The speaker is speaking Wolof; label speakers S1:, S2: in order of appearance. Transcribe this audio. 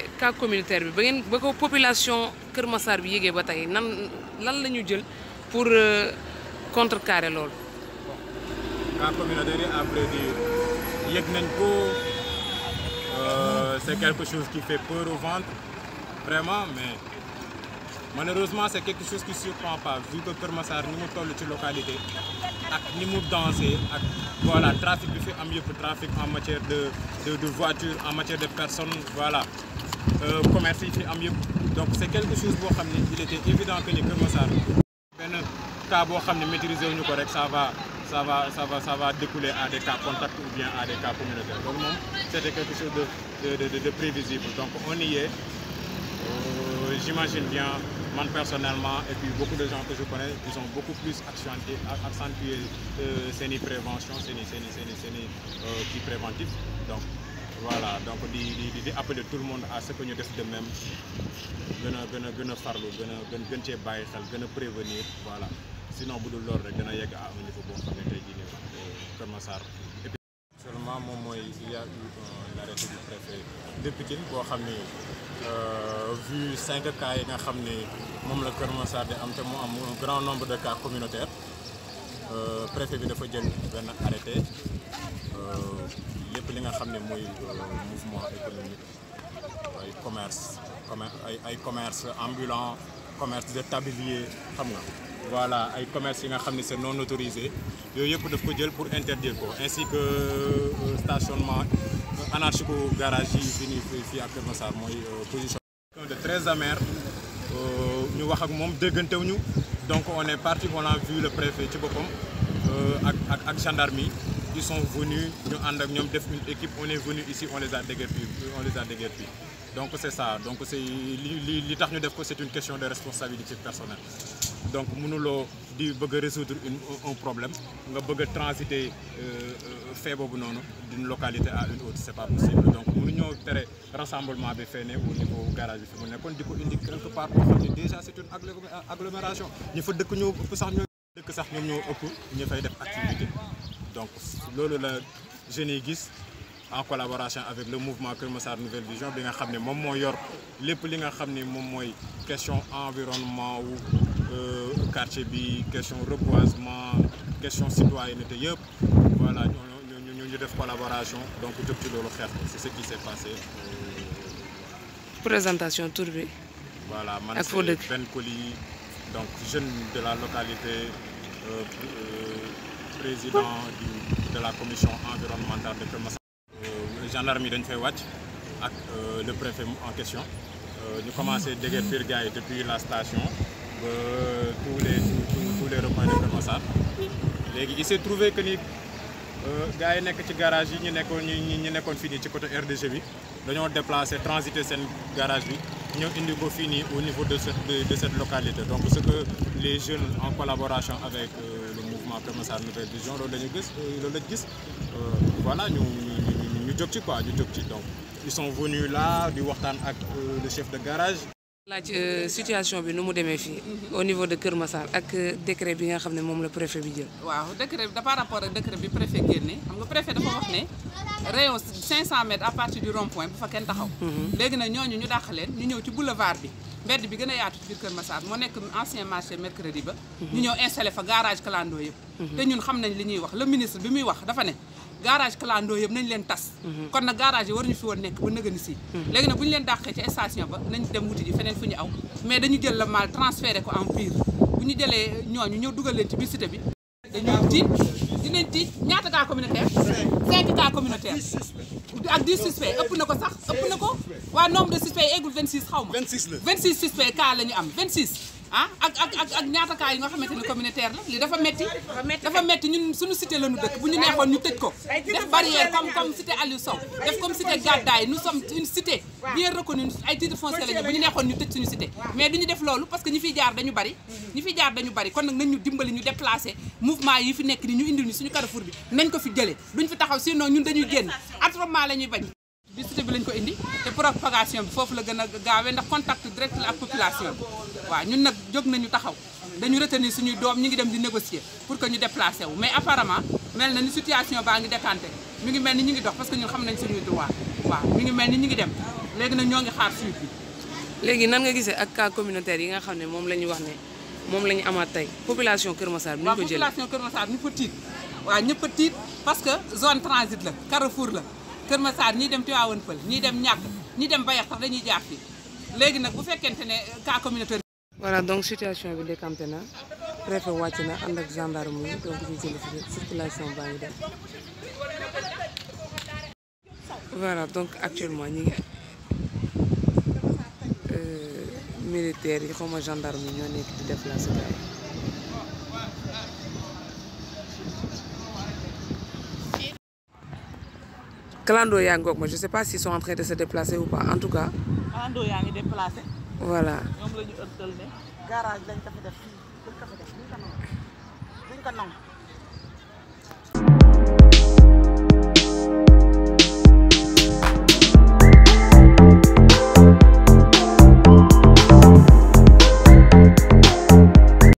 S1: jëlee cas communautaire bi ba ngeen ba ko population Kër Massar bi yéegee ba tey nan lan la ñu jël pour euh, contrecarrer loolu.
S2: bon cas communautaire yi à vrai dire yëg nañ ko euh, c'est quelque chose qui fait peur au ventre vraiment mais malheureusement c'est quelque chose qui surprend pas vu que Kër Massar ni mu toll ci localité ak ni mu dansé ak voilà trafic bi fi am yëpp trafic en matière de de de voitures en matière de personnes voilà Euh, commerce yi fi am yëpp donc c' est quelque chose boo xam ne il était évident que ni Kër Massar benn cas boo xam ne maîtriser wuñu ko rek ça va ça va ça à des cas contacts bien à des cas moom c' était quelque chose de de prévisible donc on y est euh, j'imagine bien man personnellement et puis beaucoup de gens que je connais ils ont beaucoup plus accentué accentué euh, seen i prévention seen i seen i seen i seen euh, préventif donc. voilà donc di di di appeler tout le monde à ce ñu def de même gën a gën a gën farlu gën a gën cee bàyyi xel gën a prévenir voilà sinon bu dul loolu rek dina yegg à un niveau boo xam ne tey jii nii Kër Massar. seulement moom mooy il y a du préfet de boo xam ne euh, vu cinq cas yi nga xam ne moom la Kër Massar di am te mu am un grand nombre de cas communautaires. préfet bi dafa jël benn arrêté euh, lépp li nga xam ne mooy euh, mouvement économique ay commerce ay ay commerce ambulant commerce de tablier xam nga voilà ay commerce yi nga xam ne c'est non autorisé yooyu yëpp daf ko jël pour interdire ko ainsi que euh, stationnement anarchico garage yi fi nii fii ak Kër Massar mooy position de très amer ñu wax ak moom déggantewuñu donc on est parti on a vu le préfet ci boppam Euh, ak ak ak gendarmerie ils sont venus ñu ànd ak ñoom def une équipe on est venu ici on les a déguerpis euh, on les a déguerpis donc c'est ça donc c'est li tax ñu def ko c'est une question de responsabilité personnelle donc mënuloo di bëgg a résoudre une un problème nga bëgg a transiter euh, fee boobu noonu d'une localité à une autre c'est pas possible donc mënuñoo tere rassemblement bi fee ne au di ko indi quelque part boo xam ne déjà c'est une agglomération ñu fa dëkk ñoo que sax ñoom ñu ëpp ñu fay def activité donc loolu la jeunes yi gis en collaboration avec le mouvement Kër Massar Nouvelle Vision bi nga xam ne moom moo yor lépp li nga xam ni moom mooy question environnement wu euh, quartier bi question reboisement question citoyenneté yëpp voilà ñu ñu ñu def collaboration donc jëm ci loolu xeex ko c'est ce qui s'est passé. Euh,
S1: présentation tour bi.
S2: voilà man c'est Ben donc jeune de la localité. Euh, euh, président du de la commission environnementale de Kër Massar. Euh, gendarme yi dañ fay wàcc ak le préfet en question ñu commencé déguerpir gars yi depuis la station ba tous les tous les recoins de Kër Massar il s'est trouvé que ni gars yi nekk ci garage yi ñu nekkoon ñu nekkoon fii nii ci côté RDG bi dañoo déplacé transité seen garage bi. ñoo indi ko fii au niveau de cette de localité donc ce que les jeunes en collaboration avec euh, le mouvement Keur Massar Nouvelle Vision loolu la ñu gis euh, loolu la ñu gis euh, voilà ñu ñu ñu jóg ci quoi ñu jóg ci donc ils sont venus là di waxtaan ak le chef de garage.
S1: laaj euh, situation bi nu mu demee fii. Mhm. au niveau de Kër Massar ak euh, décret bi nga xam ne moom la préfet bi jël.
S3: waaw décret bi par rapport ak décret bi préfet génne xam nga préfet dafa wax ne rayon 500 mètres à partir du rond-point bu fa kenn taxaw. Mhm. léegi nag ñooñu ñu dàq leen ñu ñëw ci boulevard bi. mbedd bi gën a yaatu ci Kër Massar moo nekk ancien marché mercredi ba. Mhm. ñu ñëw installé fa garage clando yëpp. te ñun xam nañ li ñuy wax le ministre bi muy wax dafa ne. garage clando yëpp nañ leen tas mhm. kon nag garage yi waruñu fi woon nekk ba nëgëni si mhm. léegi nag bu leen dàqee ci station ba nañ dem wuti ji feneen fu ñu aw mais dañu jël la mal transféré ko en bu ñu jëlee ñooñu ñëw dugal leen ci biir cité bi dañuy tiit dinañ tiit ñaata cas communautaire cinq cas communautaire ak dix suspect ëpp na ko sax ëpp na ko waa nombre de suspect eggul xaw ma vingt six suspect cas la am vingt six ah ak ak ak ak ñaata cas ni communautaire la li dafa metti dafa metti ñun suñu cité la ñu dëkk bu ñu neexoon ñu tëj ko def barrière comme comme cité Aliou Sow def comme cité Gaddaay nous sommes une cité bien reconnue ay titre foncier la ñu bu ñu neexoon ñu tëj suñu cité mais duñu def loolu parce que ñi fiy jaar dañu bari mm-hmm. ñi fiy jaar dañu bari kon nag nañ dimbali ñu déplacé mouvement yi fi nekk ni ñu indil ñu suñu carrefour bi nañ ko fi jëlee duñ fi taxaw sinon ñun la ñuy bañ bi cité bi a gaawee ndax ñun jóg nañu taxaw dañu retenir suñuy doom ñu ngi dem di négocier pour que ñu déplacé wu mais apparemment mel na ni situation baa ngi décanté mi ngi mel ni ñu ngi dox parce que ñun xam nañ suñuy droit waaw mi ngi mel ni ñu ngi dem léegi nag ñoo ngi xaar suite
S1: léegi nan nga gisee ak cas yi nga xam ne moom la ñu wax ne moom la ñu amaat tey population Kër Massar bi ñu ko jëlee waaw population Kër Massar ñu parce que
S3: zone transit la carrefour la Kër Massar ñii dem Tivaouane Peulh ñii dem ñàkk ñii dem Bayax sax dañuy jaar fii léegi nag bu fekkente ne cas communautaire
S1: voilà donc situation bi décanté na préfet wàcc na ànd ak gendarme yi donc ñu jël fi circulation baa donc actuellement ñi ngi euh, militaires yi xawma gendarme yi ñoo nekk di déplacé gars yi clando yaa ngoog je sais pas s'ils sont en train de se déplacer ou pas en tout cas voilà ñoom la ñu ëttal ne garage dañ ko fi def fi def duñ ko nangu duñ ko